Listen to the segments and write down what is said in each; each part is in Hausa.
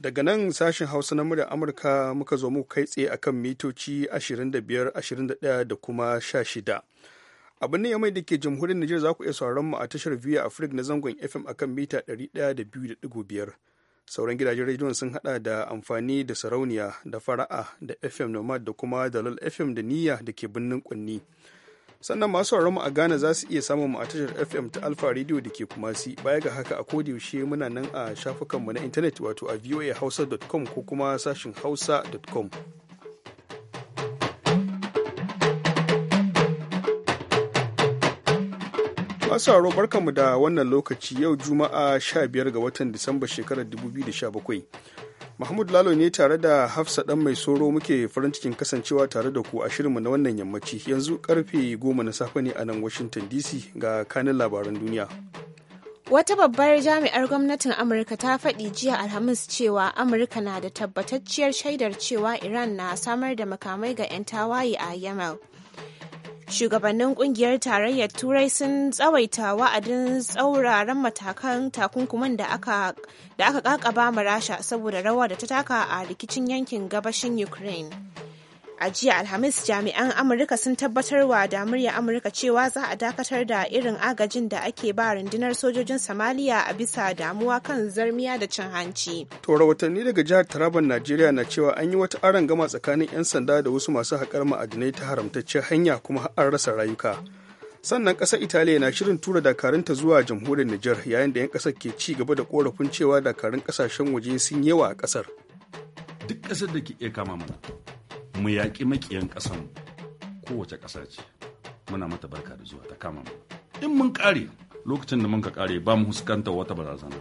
daga nan sashen hausa na murya amurka muka zo muku kai tsaye akan mitoci 25 21 da kuma 16 abin ne mai da ke jamhuriyar Nijar za ku iya sauraron mu a tashar Via Africa na zangon FM akan mita 102.5. Sauran gidajen rediyon sun hada da amfani da sarauniya da fara'a da FM Nomad da kuma dalal FM da niyya da ke birnin kunni. sannan masu mu a Ghana za su iya samun mu a tashar FM ta Alpha Radio da ke Kumasi baya ga haka a yaushe muna nan a shafukanmu na intanet wato a voahausa.com ko kuma sashin hausa.com. Masu haro barkanmu da wannan lokaci yau Juma'a 15 ga watan Disamba shekarar 2017. Mahmud Lalo ne tare da Hafsa ɗan mai soro muke farin cikin kasancewa tare da ku a shirinmu na wannan yammaci yanzu karfe goma na safe ne a nan Washington DC ga kanin labaran duniya. Wata babbar jami'ar gwamnatin Amurka ta faɗi jiya Alhamis cewa Amurka na da tabbatacciyar shaidar cewa Iran na samar da makamai ga 'yan tawaye a Yamal. shugabannin kungiyar tarayyar turai sun tsawaita wa'adin tsauraran matakan takunkuman da aka kakaba ma rasha saboda rawa da ta taka a rikicin yankin gabashin ukraine A jiya Alhamis jami'an Amurka sun tabbatarwa da murya Amurka cewa za a dakatar da irin agajin da ake ba rundunar sojojin samaliya a bisa damuwa kan zarmiya da cin hanci. Tora watanni daga jihar Taraban Najeriya na cewa an yi wata aron gama tsakanin 'yan sanda da wasu masu haƙar ma'adinai ta haramtaccen hanya kuma an rasa rayuka. Sannan ƙasar Italiya na shirin tura dakarunta zuwa jamhuriyar Nijar yayin da 'yan ƙasar ke ci gaba da korafin cewa dakarun ƙasashen waje sun yawa a ƙasar. Duk ƙasar da ke iya kama mana. mu yaƙi maƙiyan ƙasan kowace ƙasa ce muna mata barka da zuwa ta kama mu in mun ƙare lokacin da mun ka ƙare ba mu huskanta wata barazana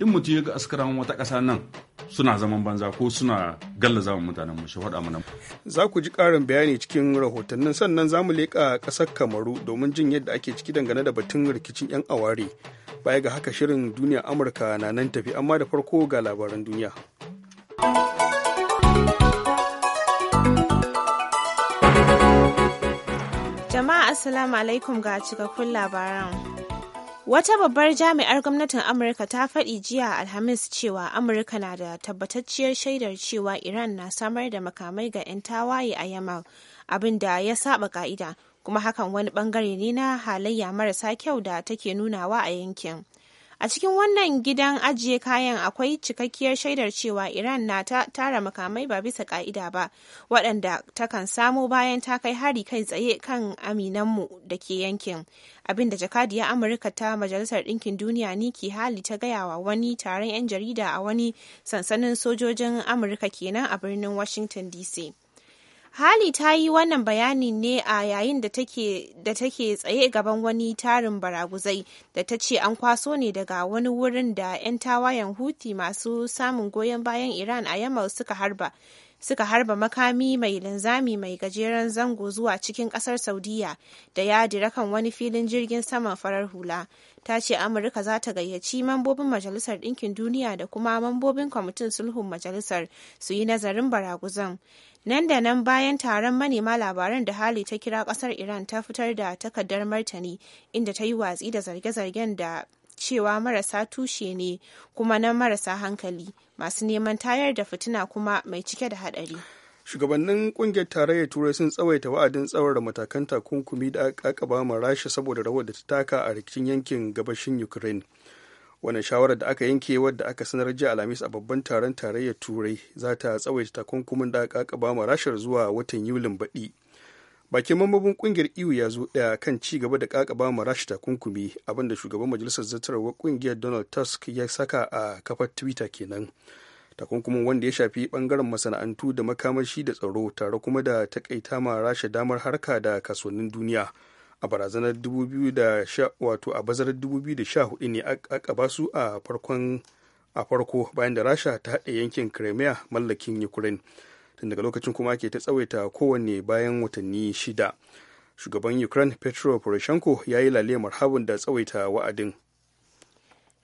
in mutum ya ga askaran wata ƙasa nan suna zaman banza ko suna gallaza zaman mutanen mu shi faɗa mana. Za ku ji ƙarin bayani cikin rahotannin sannan za mu leƙa ƙasar Kamaru domin jin yadda ake ciki dangane da batun rikicin 'yan aware. Baya ga haka shirin duniya Amurka na nan tafi amma da farko ga labaran duniya. Jama'a Assalamu alaikum ga cikakkun labaran. Wata babbar jami'ar gwamnatin Amurka ta faɗi jiya Alhamis cewa Amurka na da tabbatacciyar shaidar cewa Iran na samar da makamai ga 'yan tawaye a Yamal, abin da ya saba ka'ida, kuma hakan wani bangare ne na halayya marasa kyau da take nunawa a yankin. A cikin wannan gidan ajiye kayan akwai cikakkiyar shaidar cewa Iran na ta tara makamai ba bisa ka'ida ba, waɗanda takan samo bayan ta kai hari kai tsaye kan aminanmu da ke yankin. Abin da jakadiyar Amurka ta Majalisar Ɗinkin Duniya ke Hali ta gaya wa wani taron 'yan jarida a wani sansanin sojojin Amurka kenan a birnin Washington DC. Hali ta yi wannan bayanin ne a yayin da take tsaye gaban wani tarin baraguzai da ta ce an kwaso ne daga wani wurin da 'yan tawayen huti masu samun goyon bayan Iran a yamma suka harba. Suka harba makami mai linzami mai gajeren zango zuwa cikin kasar Saudiya da ya dira wani filin jirgin saman farar hula. Ta ce Amurka za ta gayyaci mambobin Majalisar Ɗinkin Duniya da kuma mambobin Kwamitin Sulhun Majalisar su yi nazarin baraguzan. Nan da nan bayan taron manema labaran da hali ta kira kasar Iran ta fitar da takardar martani inda ta yi watsi da zarge-zargen da cewa marasa tushe ne kuma na marasa hankali masu neman tayar da fitina kuma mai cike da hadari. shugabannin kungiyar tarayyar turai sun tsawaita wa'adin tsawara matakan takunkumi da aka ma rasha saboda rawar da ta taka a rikicin yankin gabashin ukraine wannan shawarar da aka yanke wadda aka sanar jiya alhamis a babban taron tarayyar turai za ta tsawaita takunkumin da aka ba ma rashar zuwa watan yulin baɗi bakin mambobin kungiyar iyu e ya zo daya kan ci gaba da ba ma rashi takunkumi abinda shugaban majalisar zartarwar kungiyar donald tusk ya saka a kafar twitter kenan takunkumin wanda ya shafi bangaren masana'antu da makamashi da tsaro tare kuma da takaita ma rasha damar harka da kasuwannin duniya a barazanar 2014 wato a bazarar 2014 ne aka ba su a farkon a farko bayan da rasha ta haɗe yankin crimea mallakin ukraine tun daga lokacin kuma ake ta tsawaita kowanne bayan watanni shida shugaban ukraine petro poroshenko ya yi lale habin da tsawaita wa'adin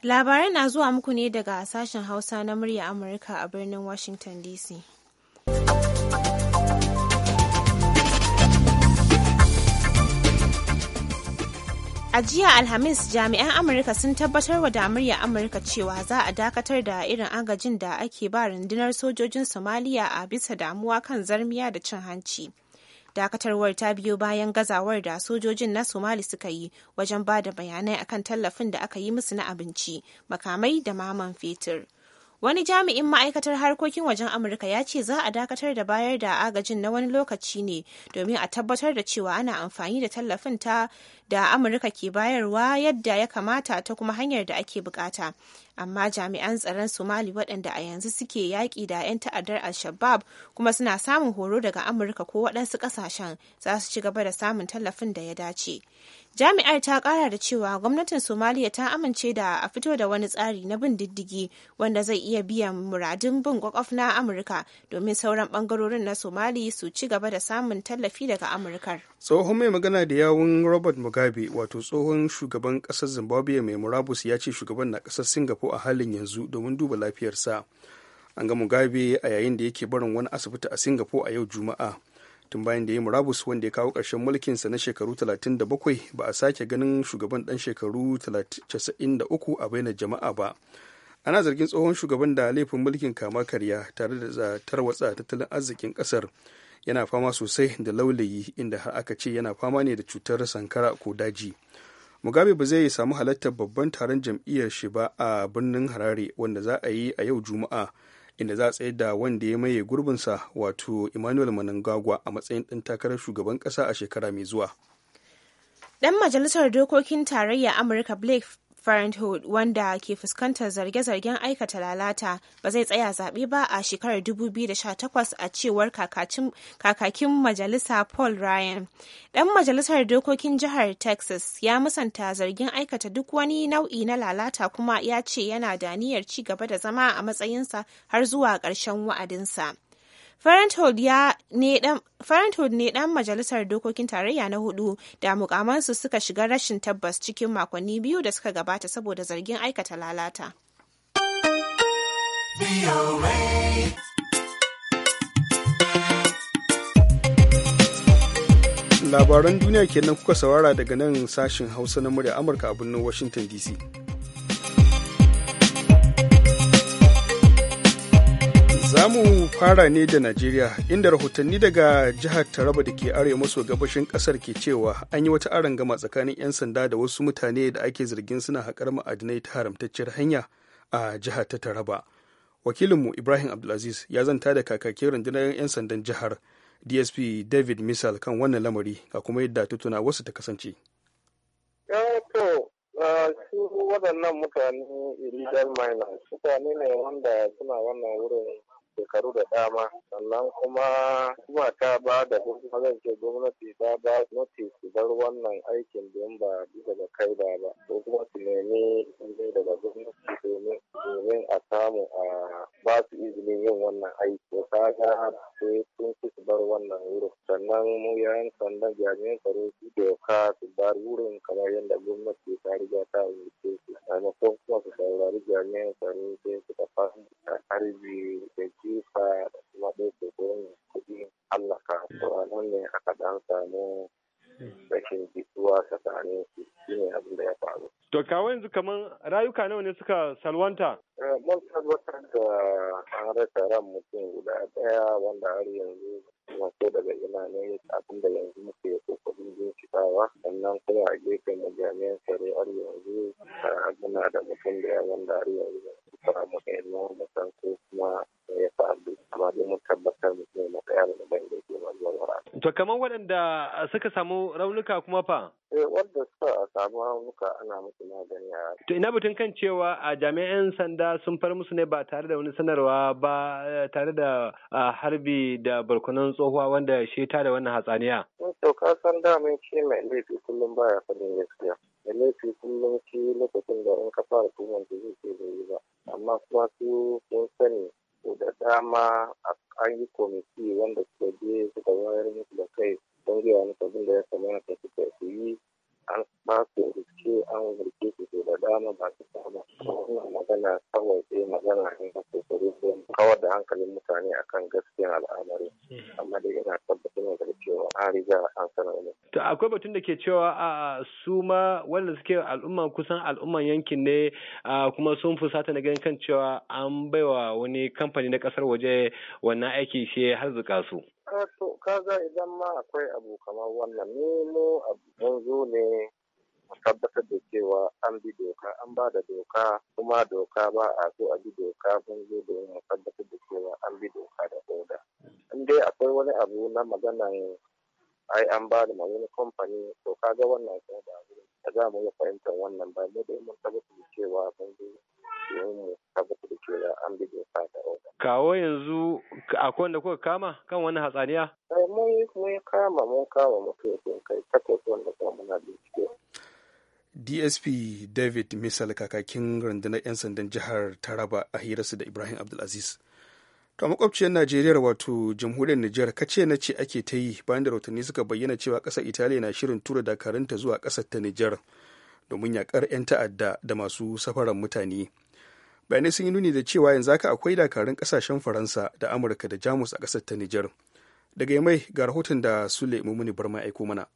labarai na zuwa muku ne daga sashen hausa na murya amurka a birnin washington dc A jiya Alhamis jami'an Amurka sun tabbatar wa damar ya Amurka cewa za a dakatar da irin agajin da ake ba rundunar sojojin Somaliya a bisa damuwa kan zarmiya da cin hanci. Dakatarwar ta biyo bayan gazawar da sojojin na Somali suka yi wajen ba da bayanai akan tallafin da aka yi musu na abinci, makamai da maman fetur. Wani jami'in ma'aikatar harkokin wajen Amurka ya ce za a dakatar da bayar da agajin na wani lokaci ne domin a tabbatar da cewa ana amfani da tallafin ta da Amurka ke bayarwa yadda ya kamata ta kuma hanyar da ake bukata. Amma jami'an tsaron Somali waɗanda a yanzu suke yaƙi da 'yan ta'addar Al-Shabaab kuma suna samun horo daga Amurka ko waɗansu ƙasashen za su ci gaba da samun tallafin da ya dace. Jami'ar ta kara da cewa gwamnatin Somaliya ta amince da a fito da wani tsari na bin diddigi wanda zai iya biyan muradun bin kwakwaf na Amurka domin sauran bangarorin na Somali su ci gaba da samun tallafi daga Amurkar. Tsohon mai magana da yawun Robert Mugabe wato tsohon shugaban kasar Zimbabwe mai murabus ya ce shugaban na kasar Singapore a halin yanzu domin duba lafiyarsa. An ga Mugabe a yayin da yake barin wani asibiti a Singapore a yau Juma'a. tun bayan da ya murabus wanda ya kawo ƙarshen mulkinsa na shekaru 37 ba a sake ganin shugaban ɗan shekaru 93 a bainar jama'a ba ana zargin tsohon shugaban da laifin mulkin kama karya tare da watsa tattalin arzikin ƙasar yana fama sosai da laulayi inda har aka ce yana fama ne da cutar sankara ko daji mugabe ba zai samu halartar babban taron jam'iyyar shi ba a birnin harare wanda za a yi a yau juma'a inda za a tsaye da wanda ya maye gurbinsa wato emmanuel manangagwa a matsayin ɗan takarar shugaban ƙasa a shekara mai zuwa. Dan majalisar dokokin tarayya Amurka Blake Parenthood wanda ke fuskantar zarge-zargen aikata lalata ba zai tsaya zaɓe ba a shekarar 2018 a cewar kakakin majalisa Paul Ryan. Ɗan majalisar dokokin jihar Texas ya musanta zargin aikata duk wani nau'i na lalata kuma ya ce yana da niyyar ci gaba da zama a matsayinsa har zuwa ƙarshen wa'adinsa. Farenthold ne dan majalisar dokokin tarayya na hudu da mukamansu suka shiga rashin tabbas cikin makonni biyu da suka gabata saboda zargin aikata lalata. Labaran duniya kenan kuka saurara daga nan sashin Hausa na murya Amurka a birnin Washington DC. zamu fara ne da Najeriya, inda rahotanni daga jihar Taraba da ke arewa maso gabashin kasar ke cewa an yi wata arangama tsakanin 'yan sanda da wasu mutane da ake zargin suna haƙar ma'adinai ta haramtacciyar hanya a jihar ta Taraba. Wakilinmu Ibrahim Abdulaziz ya zanta da kakakin rundunar 'yan sandan jihar DSP David Misal kan wannan lamari ga kuma yadda tutuna wasu ta kasance. su waɗannan mutane illegal miners mutane ne wanda suna wannan wurin shekaru da dama sannan kuma kuma ta ba da kuma zan ce gwamnati ta ba gwamnati su bar wannan aikin don ba bisa ga kai ba ba ko kuma su nemi daga gwamnati domin a samu a ba su izinin yin wannan aiki ko ta ga sai sun fi su bar wannan wurin sannan mu yayin sannan jami'an tsaro su doka su bar wurin kamar yadda gwamnati ta riga ta umarce su maimakon kuma su saurari jami'an tsaro sai suka fara harbi kawo yanzu kamar rayuka nawa ne suka salwanta eh, mun tabbatar da an rasa ran mutum guda ɗaya wanda har yanzu wato daga ina ne abin da yanzu muke jin bincikawa sannan kuma a jami'an majami'an har yanzu eh, muna da mutum da wanda har yanzu ba, mu kai mu san ko kuma ya abu amma dai mun tabbatar mutum na daya da ban da ke wara. to kamar waɗanda suka samu raunuka kuma fa eh wanda suka samu raunuka ana musu To ina batun kan cewa a jami'an sanda sun far musu ne ba tare da wani sanarwa ba eh, tare da harbi da barkunan tsohuwa wanda shi ta da wannan hatsaniya. To ka san mun ce mai laifi kullum ba ya faɗin gaskiya. Mai laifi kullum shi lokacin da in ka fara tuhon da zai ke bai yi ba. Amma kuma su sun sani da dama an yi komiti wanda suka je suka wayar musu da kai don gaya musu abin da ya kamata suka yi an ba su an rike ke da dama masu kama wannan magana kawai sai magana ne da kokari ko kawar da hankalin mutane akan gaskiyar al'amari amma dai yana tabbatar da cewa an riga an sanar ne. To akwai batun da ke cewa a su ma wanda suke al'umma kusan al'umman yankin ne kuma sun fusata na ganin kan cewa an baiwa wani kamfani na kasar waje wannan aiki shi har harzuka su. to kaga idan ma akwai abu kamar wannan ne mu abu zo ne tabbatar da cewa an bi doka an ba da doka kuma doka ba a so a bi doka kun zo domin mu tabbatar da cewa an bi doka da oda in dai akwai wani abu na magana a ai an ba da wani kamfani to kaga wannan kuma ba da za mu yi fahimtar wannan ba mu dai mun tabbatar da cewa kun bi domin mu tabbatar da cewa an bi doka da oda kawo yanzu akwai wanda kuka kama kan wani hatsaniya eh, mun mun kama mun kama mutum kai takwas wanda kuma muna bincike dsp david misal kakakin rundunar 'yan sandan jihar taraba a hirarsu da ibrahim abdulaziz to a makwabciyar najeriya wato jamhuriyar nijar kace na ce ake ta yi bayan da rahotanni suka bayyana cewa ƙasar italiya na shirin tura dakarunta zuwa ƙasar ta nijar domin yakar 'yan ta'adda da masu safaran mutane bayanai sun yi nuni da cewa yanzu haka akwai dakarun ƙasashen faransa da amurka da jamus a ƙasar ta nijar daga mai ga rahoton da sule mumuni barma aiko mana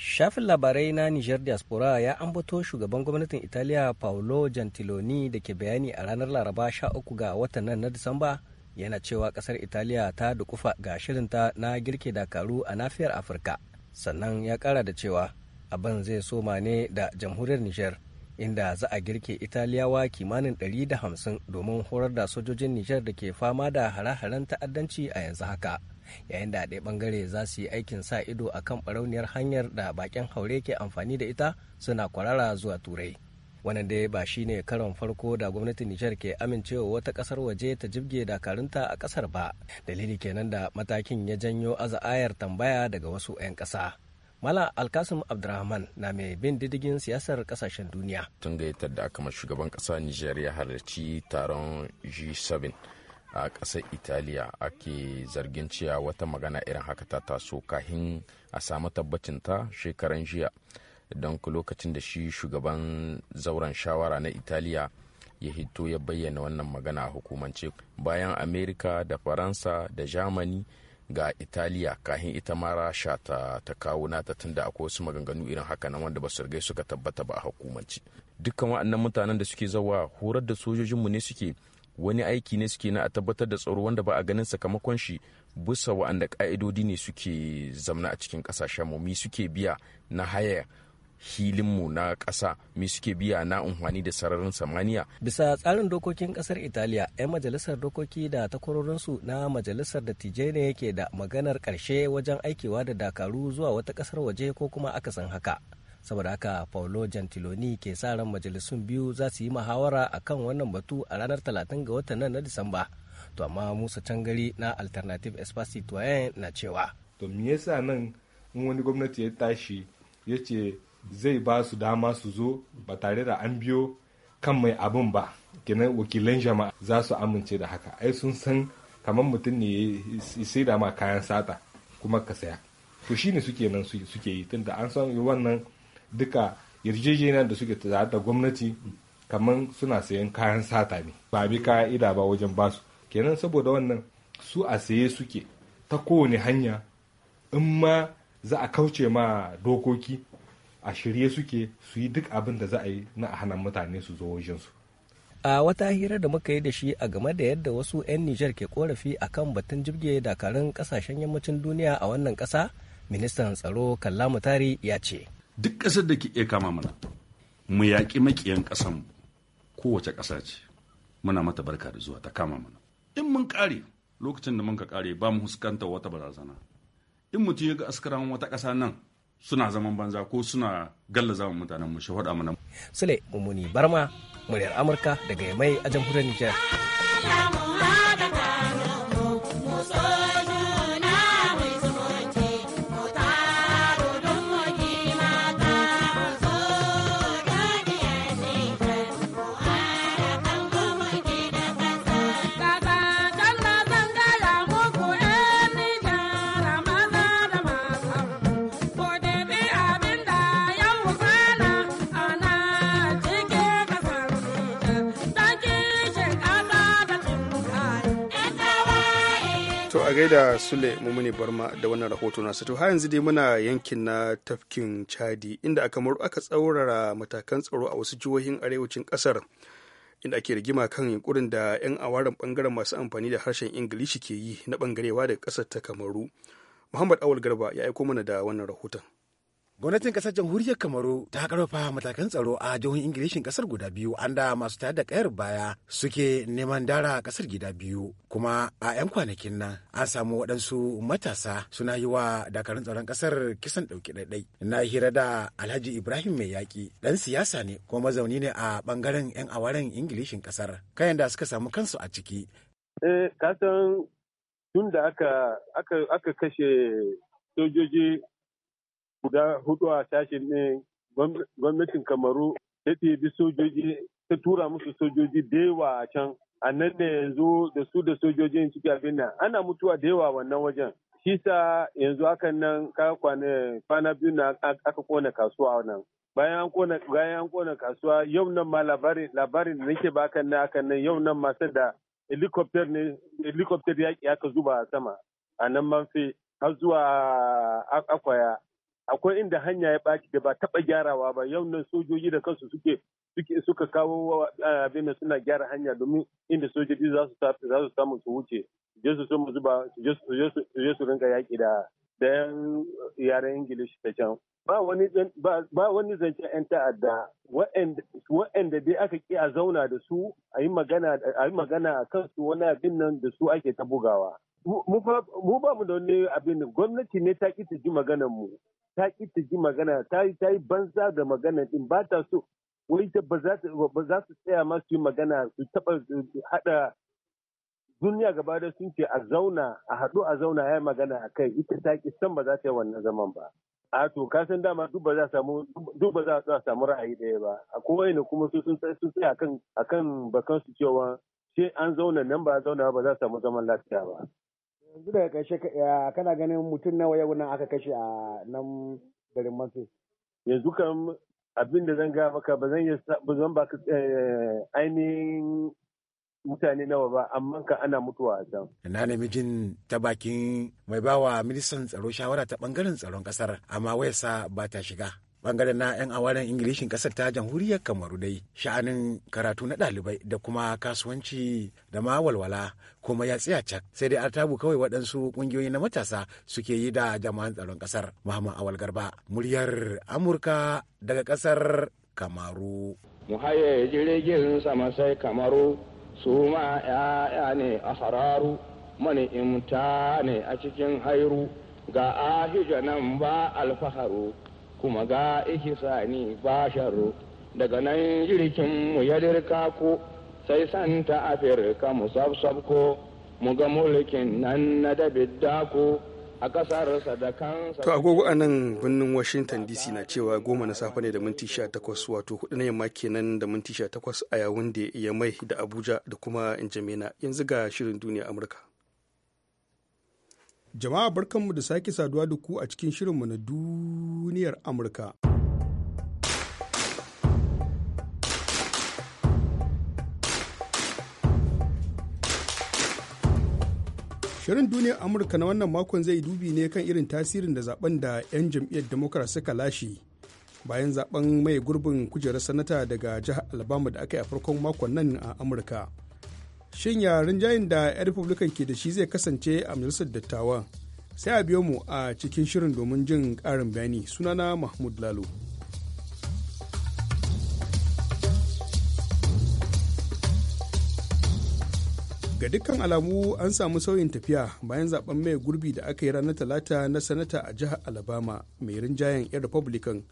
Shafin labarai na Niger Diaspora ya ambato shugaban gwamnatin Italiya Paolo Gentiloni da ke bayani a ranar Laraba 13 ga watan nan na Disamba yana cewa kasar Italiya ta dukufa ga shirinta na girke dakaru a nafiyar Afirka. Sannan ya kara da cewa abin zai soma ne da jamhuriyar Niger inda za a girke Italiyawa kimanin 150 domin horar da sojojin Niger da ke fama da hare-haren ta'addanci a yanzu haka. yayin da ɗaya ɓangare za su yi aikin sa ido a kan ɓarauniyar hanyar da baƙin haure ke amfani da ita suna kwarara zuwa turai wannan dai ba shi ne karon farko da gwamnatin nijar ke amincewa wata ƙasar waje ta jibge dakarunta a ƙasar ba dalili kenan da matakin ya janyo aza'ayar tambaya daga wasu 'yan ƙasa Mala Alkasim abdulrahman na mai bin didigin siyasar ƙasashen duniya. Tun gayyatar da aka shugaban ƙasa Nijar ya halarci taron G7 a kasar italiya ake zargin cewa wata magana irin haka ta taso kahin a samu tabbacin ta shekaran jiya don lokacin da shi shugaban zauren shawara na italiya ya hito ya bayyana wannan magana a hukumance bayan amerika da faransa da germany ga italiya kahin ita ma rasha ta, ta kawo nata tunda akwai wasu maganganu irin haka nan wanda ba su rigai suka tabbata ba a hukumance dukkan waɗannan mutanen da suke zawa horar da sojojinmu ne suke wani aiki ne suke na a tabbatar da tsaro wanda ba a ganin sakamakon shi bisa wa'anda ka'idodi ne suke zamna a cikin kasashenmu mi suke biya na haya mu na ƙasa mi suke biya na unhwani da sararin samaniya. Bisa tsarin dokokin ƙasar Italiya, 'yan majalisar dokoki da takwarorinsu na majalisar dattijai ne yake da maganar ƙarshe wajen aikewa da dakaru zuwa wata ƙasar waje ko kuma akasin haka. saboda haka paolo gentiloni ke sa ran majalisun biyu za su yi muhawara kan wannan batu a ranar 30 ga watan nan na disamba to amma musa cangari na alternative espace citoyen na cewa to me yasa nan in wani gwamnati ya tashi ya ce zai ba su dama su zo ba tare da an biyo kan mai abin ba kenan wakilan jama'a za su amince da haka ai sun san kamar mutum ne sai da ma kayan sata kuma ka saya to shine suke nan suke yi tunda an san wannan duka yarjejeniyar da suke tare da gwamnati kamar suna sayan kayan sata ne ba bi ida ba wajen basu kenan saboda wannan su a saye suke ta kowane hanya in ma za a kauce ma dokoki a shirye suke su yi duk abin da za a yi na a hana mutane su zo wajensu a wata hira da muka yi da shi a game da yadda wasu 'yan nijar ke korafi a kan batun jirge dakarun kasashen yammacin duniya a wannan kasa ministan tsaro kallamu tari ya ce duk ƙasar da ke iya kama mana mu yaƙi maƙiyan ƙasan kowace ƙasa ce muna mata barka da zuwa ta kama mana in mun ƙare lokacin da mun ka ƙare ba mu huskanta wata barazana in mutum ya ga askaran wata ƙasa nan suna zaman banza ko suna gallaza wa mutanen mu shahada mana sule mummuni barma muryar amurka daga mai a jamhuriyar nijar gaida Sule Mumuni Barma da wannan rahoto na sato har yanzu dai muna yankin na tafkin Chadi inda aka muru aka tsaurara matakan tsaro a wasu jihohin arewacin kasar inda ake rigima kan yunkurin da 'yan awaren bangaren masu amfani da harshen Ingilishi ke yi na bangarewa da kasar ta Kamaru. Muhammad Awal Garba ya aiko mana da wannan rahoton. gwamnatin kasar jamhuriyar kamaru ta karfafa matakan tsaro a jihohin ingilishin ƙasar guda biyu anda masu tayar da kayar baya suke neman dara ƙasar gida biyu kuma a 'yan kwanakin nan an samu waɗansu matasa suna yi wa dakarun tsaron ƙasar kisan ɗauki ɗaiɗai na hira da alhaji ibrahim mai yaƙi ɗan siyasa ne kuma mazauni ne a ɓangaren 'yan awaren ingilishin ƙasar, kayan da suka samu kansu a ciki. eh kasan tun da aka kashe sojoji guda hudu a sashen ne gwamnatin kamaru ta ɗebi sojoji ta tura musu sojoji da yawa a can a nan da yanzu da su da sojojin suke abin nan ana mutuwa da yawa wannan wajen shisa yanzu hakan nan kwana biyu na aka kona kasuwa nan bayan an kona bayan kona kasuwa yau nan ma labarin labarin da ba bakan nan akan nan yau nan ma da helicopter ne helicopter yaki aka zuba a sama a nan manfi har zuwa akwaya akwai inda hanya ya baki da ba taɓa gyarawa ba yau nan sojoji da kansu suke suka kawo eh, abin suna gyara hanya domin inda sojoji za su samu su wuce je su mu zuba su je su rinka yaƙi da yan yaren ingilishi ta can ba wani zancen yan ta'adda wa'anda dai aka ƙi a zauna da su a yi magana a kansu wani abin nan da su ake ta bugawa mu ba mu da wani abin gwamnati ne ta ki ta ji maganar mu ta ki ta ji magana ta yi ta yi banza da magana din ba ta so wai ta ba za su tsaya ma su yi magana su taba hada duniya gaba da sun ce a zauna a haɗu a zauna ya yi magana a kai ita ta ki san ba za ta yi wannan zaman ba a to ka san dama duk ba za samu samu ra'ayi ɗaya ba a kowai ne kuma sun sun tsaya akan akan bakan su cewa sai an zauna nan ba zauna ba za samu zaman lafiya ba yanzu daga ƙarshe kana ganin mutum nawa yau nan aka kashe a nan garin masu Yanzu kam abin da zan gaya maka ba zan ba zan ba eh, ainihin mutane nawa ba amma ka ana mutuwa a can. Na nemi jin ta bakin mai bawa ministan tsaro shawara ta bangaren tsaron kasar amma wayarsa ba ta shiga. bangaren na 'yan awaren ingilishin kasar ta jamhuriyar kamaru dai sha'anin karatu na ɗalibai da kuma kasuwanci da ma walwala kuma ya tsaya cak sai dai artabu kawai waɗansu ƙungiyoyi na matasa suke yi da jama'an tsaron ƙasar muhammad awal garba muryar amurka daga ƙasar kamaru mu jirgin sama sai kamaru su 'ya'ya ne a hararu mani imta ne a cikin hairu ga ahija nan ba alfaharu kuma ga ihisani ba daga nan jirkin mu ya dirka ku sai santa afirka mu ko mu ga mulkin nan na dabidda ku a kasarsa da kansa to agogo a nan birnin washington dc na cewa goma na safe ne da minti 18 wato hudu na yamma kenan da minti 18 a yawun da ya mai da abuja da kuma njamena yanzu ga shirin duniya amurka Jama'a barkanmu da sake saduwa da ku a cikin shirinmu na duniyar Amurka. Shirin duniyar Amurka na wannan makon zai dubi ne kan irin tasirin da zaben da 'yan jam'iyyar Democrat suka lashe bayan zaben mai gurbin kujerar sanata daga jihar Alabama da aka yi a farkon makon nan a Amurka. shin ya rinjayin da 'yan republican ke da shi zai kasance a majalisar dattawa sai a biyo mu a cikin shirin domin jin karin bayani sunana mahmud lalo ga dukkan alamu an samu sauyin tafiya bayan zaben mai gurbi da aka yi ranar talata na sanata a jihar alabama mai rinjayen 'yan republican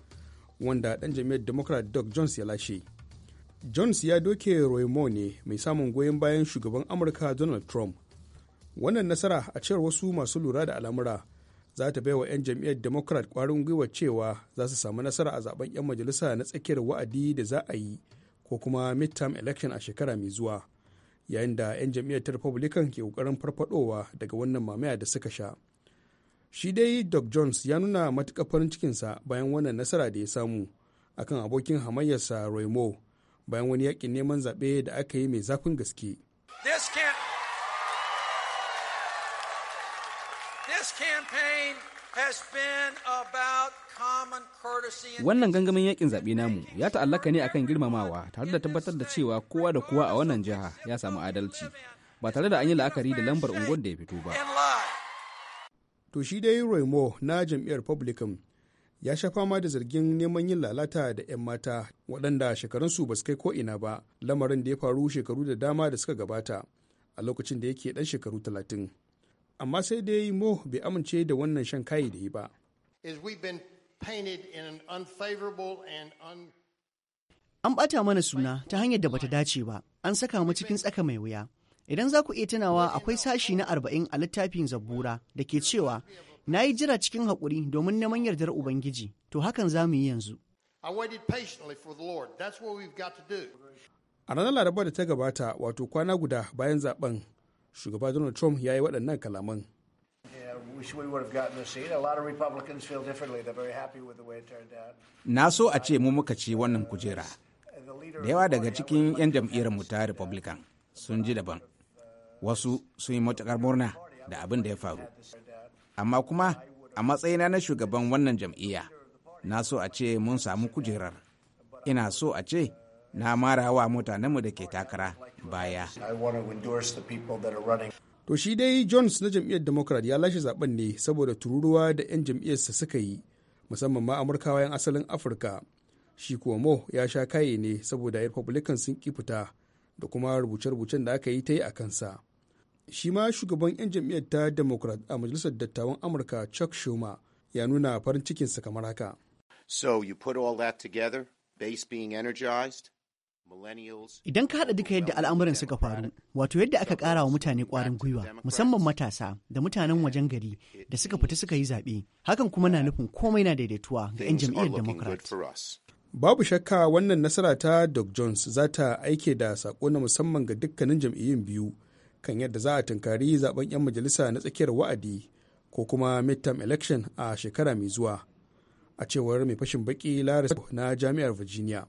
wanda dan jami'ar democrat doug jones ya lashe jones ya doke roy ne mai samun goyon bayan shugaban amurka donald trump wannan nasara a cewar wasu masu lura da al'amura za ta baiwa 'yan jam'iyyar democrat kwarin gwiwa cewa za su samu nasara a zaben 'yan majalisa na tsakiyar wa'adi da za a yi ko kuma midterm election a shekara mai zuwa yayin da 'yan jam'iyyar ta republican ke kokarin farfadowa daga wannan mamaya da suka sha shi dai doc jones ya nuna matuƙar farin cikinsa bayan wannan nasara da ya samu akan abokin hamayyarsa roy bayan wani yakin neman zaɓe da aka yi mai zafin gaske. Wannan gangamin yakin zaɓe namu ya ta'allaka ne akan girmamawa tare da tabbatar da cewa kowa da kowa a wannan jiha ya samu adalci ba tare da an yi la'akari da lambar unguwar da ya fito ba. To shi dai Roy na jam'iyyar Republican ya sha fama da zargin neman yin lalata da 'yan mata waɗanda shekarunsu ba su kai ko'ina ba lamarin da ya faru shekaru da dama da suka gabata a lokacin da yake ɗan shekaru talatin amma sai dai mo bai amince da wannan shan kayi da yi ba an ɓata mana suna ta hanyar da bata dace ba an saka mu cikin tsaka mai wuya idan za ku iya tunawa akwai sashi na arba'in a littafin zabbura da ke cewa Na yi jira cikin haƙuri domin neman yardar Ubangiji, to hakan za mu yi yanzu. A ranar Laraba da ta gabata, wato kwana guda bayan zaben, shugaba Donald Trump ya yi waɗannan kalaman. Na so a ce mu muka ci wannan kujera. Da yawa daga cikin 'yan jam'iyyar mu ta Republican sun ji daban. Wasu sun yi matuƙar murna da abin da ya faru. amma kuma a matsayina na shugaban wannan jam'iyya na so a ce mun samu kujerar ina so a ce na marawa mutanenmu da ke takara baya to shi dai jones na jam'iyyar democrat ya lashe zaben ne saboda tururuwa da 'yan jam'iyyarsa suka yi musamman ma amurkawa 'yan asalin afirka shi kuwa mo ya sha kaye ne saboda republican sun ki fita da kuma rubuce-rubucen da aka yi ta yi a kansa shi ma shugaban 'yan jam'iyyar ta democrat a majalisar dattawan amurka chuck schumer ya nuna farin cikinsa kamar haka so you put all that together base being energized Idan ka haɗa duka yadda al'amuran suka faru, wato yadda aka kara wa mutane kwarin gwiwa, musamman matasa da mutanen wajen gari da suka fita suka yi zaɓe, hakan kuma na nufin komai na daidaituwa ga 'yan jam'iyyar Democrat. Babu shakka wannan nasara ta Doc Jones za ta aike da saƙo na musamman ga dukkanin jam'iyyun biyu kan yadda za a tunkari zaben 'yan majalisa na tsakiyar wa'adi ko kuma midterm election a shekara mai zuwa a cewar mai fashin baki laris na jami'ar virginia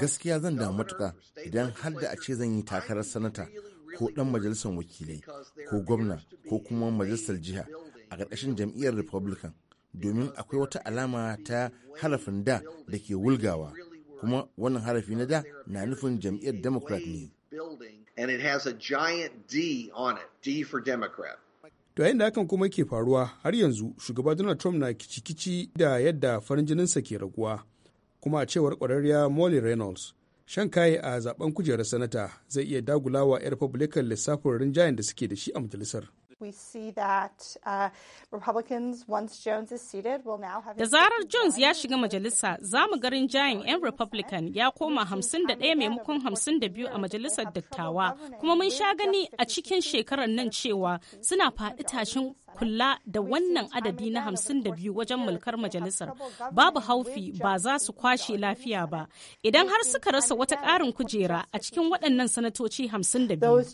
gaskiya zan da matuka idan har da a ce zan yi takarar sanata ko dan majalisar wakilai ko gwamna ko kuma majalisar jiha a ƙarƙashin jam'iyyar republican domin akwai wata alama ta harafin da da ke wulgawa kuma wannan harafi na da na nufin jam'iyyar democrat ne and it has a giant D on it, D for Democrat. To yayin da hakan kuma ke faruwa har yanzu shugaba Donald Trump na kici-kici da yadda farin jininsa ke raguwa. Kuma a cewar kwararriya Molly Reynolds, shan kaye a zaben kujerar sanata zai iya dagulawa 'yan Republican lissafin rinjayen da suke da shi a majalisar. we that uh, now have Da zarar Jones ya shiga majalisa, za mu garin jayin 'yan Republican ya koma 51 maimakon biyu a majalisar dattawa, kuma mun sha gani a cikin shekarar nan cewa suna faɗi tashin kula da wannan adadi na hamsin da biyu wajen mulkar majalisar babu haufi ba za su kwashe lafiya ba idan har suka rasa wata ƙarin kujera a cikin waɗannan sanatoci hamsin da biyu.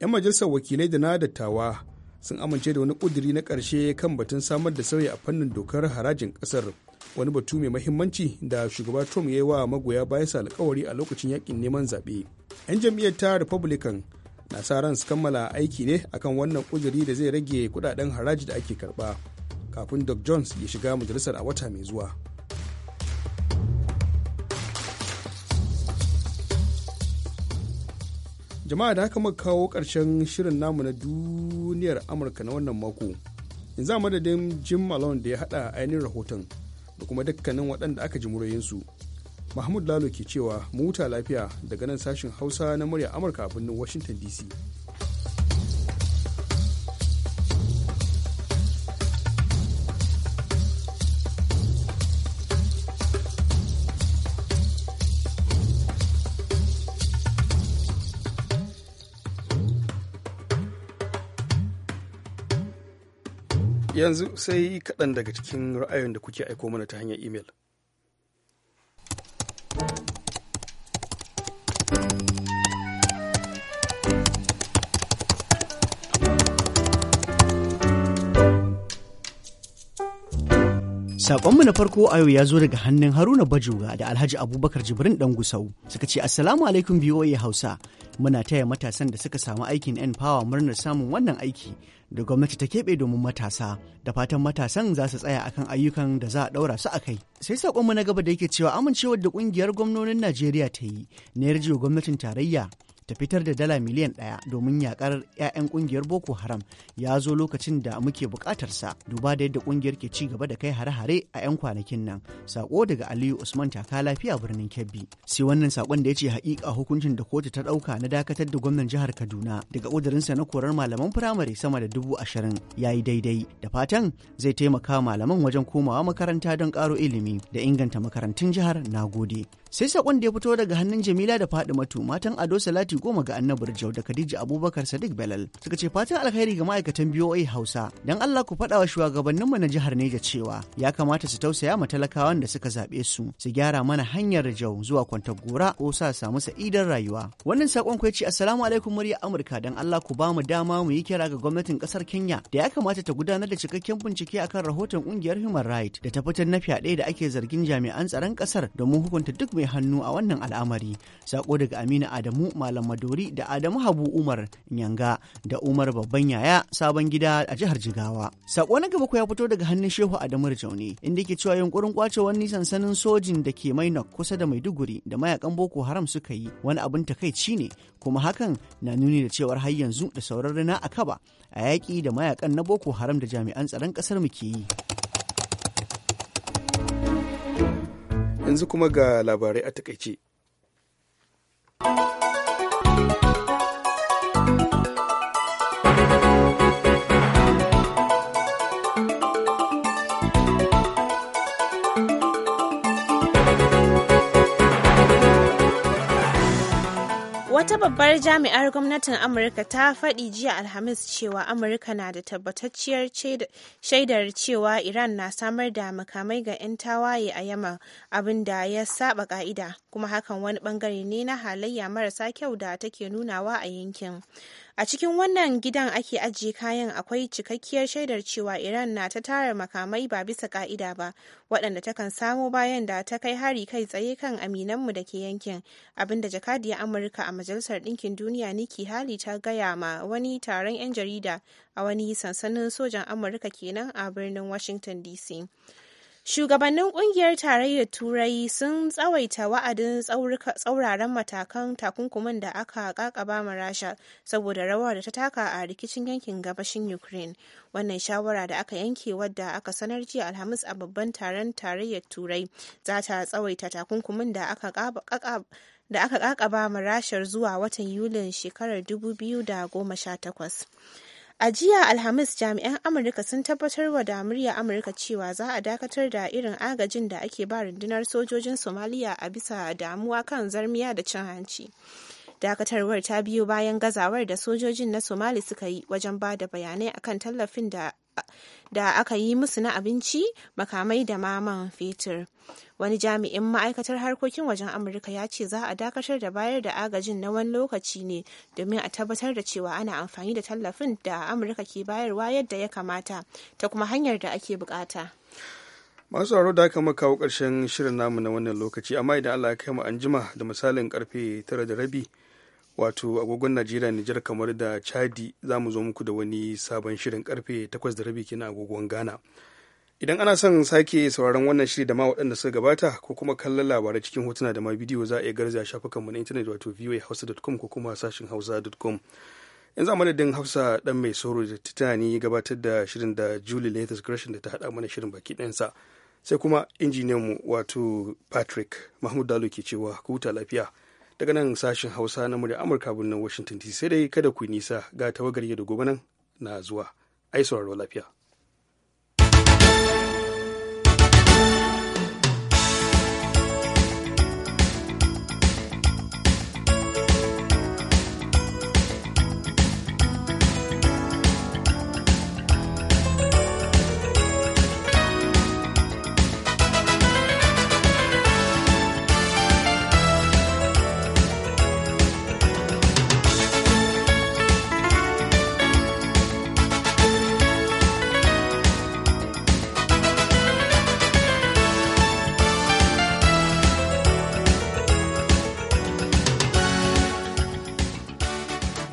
'Yan majalisar wakilai da na dattawa sun amince da wani ƙuduri na ƙarshe kan batun samar da sauyi a fannin dokar harajin ƙasar wani batu mai mahimmanci da shugaba trump ya yi wa magoya sa alkawari a lokacin yakin neman zaɓe 'yan jam'iyyar ta republican na sa ran su kammala aiki ne akan wannan kujeri da zai rage kudaden haraji da ake karba kafin doc jones ya shiga majalisar a wata mai zuwa jama'a da haka muka kawo ƙarshen shirin namu na duniyar amurka na wannan mako yanzu a madadin jim malone da ya hada ainihin rahoton da kuma dukkanin waɗanda aka ji muryoyinsu mahmud lalo ke cewa mu lafiya daga nan sashin hausa na murya amurka a birnin washington dc yanzu sai kaɗan daga cikin ra'ayoyin da kuke aiko mana ta hanyar imel. Sakonmu na farko a yau ya zo daga hannun Haruna Bajoga da Alhaji Abubakar Jibrin dan Gusau suka ce Assalamu alaikum BOA Hausa muna taya matasan da suka samu aikin N Power murnar samun wannan aiki da gwamnati ta keɓe domin matasa da fatan matasan za su tsaya akan ayyukan da za a ɗaura su a kai. Sai sakonmu na gaba da yake cewa amincewar da ƙungiyar gwamnonin Najeriya ta yi na yarjewa gwamnatin tarayya ta fitar da dala miliyan ɗaya domin yakar 'ya'yan kungiyar boko haram ya zo lokacin da muke bukatarsa duba da yadda kungiyar ke ci gaba da kai hare-hare a 'yan kwanakin nan sako daga aliyu usman taka lafiya birnin kebbi sai wannan sakon da ya ce hakika hukuncin da kotu ta ɗauka na dakatar da gwamnan jihar kaduna daga ƙudurinsa na korar malaman firamare sama da dubu ashirin ya yi daidai da fatan zai taimaka malaman wajen komawa makaranta don ƙaro ilimi da inganta makarantun jihar nagode. sai sakon da ya fito daga hannun jamila da matu matan ado salati goma ga annabar jau da khadija abubakar sadiq belal suka ce fatan alkhairi ga ma'aikatan boa hausa don allah ku faɗa wa shugabanninmu na jihar neja cewa ya kamata su tausaya ma talakawan da suka zaɓe su su gyara mana hanyar jau zuwa kwantar gora ko sa samu sa'idar rayuwa wannan sakon ku ya ce assalamu alaikum murya amurka dan allah ku ba mu dama mu yi kira ga gwamnatin kasar kenya da ya kamata ta gudanar da cikakken bincike akan rahoton kungiyar human rights da ta fitar na fyaɗe da ake zargin jami'an tsaron kasar domin hukunta duk mai mai hannu a wannan al'amari sako daga aminu adamu malam madori da adamu habu umar nyanga da umar babban yaya sabon gida a jihar jigawa sako na gaba ku ya fito daga hannun shehu adamu rijauni inda ke cewa yunkurin kwace wani sansanin sojin da ke mai kusa da maiduguri da mayakan boko haram suka yi wani abin takaici ne kuma hakan na nuni da cewar har yanzu da sauran rana a kaba a yaƙi da mayakan na boko haram da jami'an tsaron ƙasar mu ke yi yanzu kuma ga labarai a takaice. Wata babbar jami'ar gwamnatin Amurka ta faɗi jiya Alhamis cewa Amurka na da tabbatacciyar shaidar cewa Iran na samar da makamai ga 'yan tawaye a Yaman abin da ya saba ka'ida kuma hakan wani bangare ne na halayya marasa kyau da take nunawa a yankin. A cikin wannan gidan ake ajiye kayan akwai cikakkiyar shaidar cewa Iran na ta tara makamai ba bisa ka'ida ba, waɗanda takan samo bayan da ta kai hari kai tsaye kan aminanmu da ke yankin, abinda jakadiyar Amurka a majalisar Majalisar Ɗinkin Duniya Nikki Haley ta gaya ma wani taron 'yan jarida a wani sansanin sojan Amurka kenan a birnin Washington DC. Shugabannin kungiyar tarayyar Turai sun tsawaita wa'adin tsauraran matakan takunkumin da aka kakaba ma Rasha saboda rawar da ta taka a rikicin yankin gabashin Ukraine. Wannan shawara da aka yanke wadda aka sanar jiya Alhamis a babban taron tarayyar Turai za ta tsawaita takunkumin da aka da aka kakaba mu rashar zuwa watan Yulin shekarar 2018. A jiya Alhamis jami'an Amurka sun tabbatar wa da murya Amurka cewa za a dakatar da irin agajin da ake ba rundunar sojojin Somaliya a bisa damuwa kan zarmiya da cin hanci. Dakatarwar ta biyo bayan gazawar da sojojin na Somali suka yi wajen ba da bayanai akan tallafin da da aka yi musu na abinci makamai da maman fetur wani jami'in ma'aikatar harkokin wajen amurka ya ce za a dakatar da bayar da agajin na wani lokaci ne domin a tabbatar da cewa ana amfani da tallafin da amurka ke bayarwa yadda ya kamata ta kuma hanyar da ake bukata masu aro da aka kawo karshen shirin namu na wannan lokaci amma idan allah ya kai mu anjima da misalin karfe tara da rabi wato agogon najeriya nijar kamar da chadi za mu zo muku da wani sabon shirin karfe 8 da rabi kenan agogon ghana idan ana son sake sauraron wannan shiri da ma waɗanda suka gabata ko kuma kallon labarai cikin hotuna da ma bidiyo za a iya garzaya shafukanmu na intanet wato voahausa.com ko kuma sashin hausa.com yanzu a madadin hafsa dan mai soro da titani gabatar da shirin da julie latest gresham da ta haɗa mana shirin baki ɗansa sai kuma injiniyanmu wato patrick mahmud dalo ke cewa ku huta lafiya daga nan sashen hausa na murya amurka birnin washington dc sai dai kada ku nisa ga tawagar yadda da gobe na zuwa ai sauraro lafiya